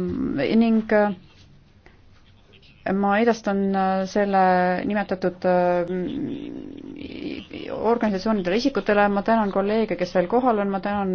Mm, ning äh, ma edastan äh, selle nimetatud äh, organisatsioonidele isikutele, ma tänan kolleege, kes veel kohal on, ma tänan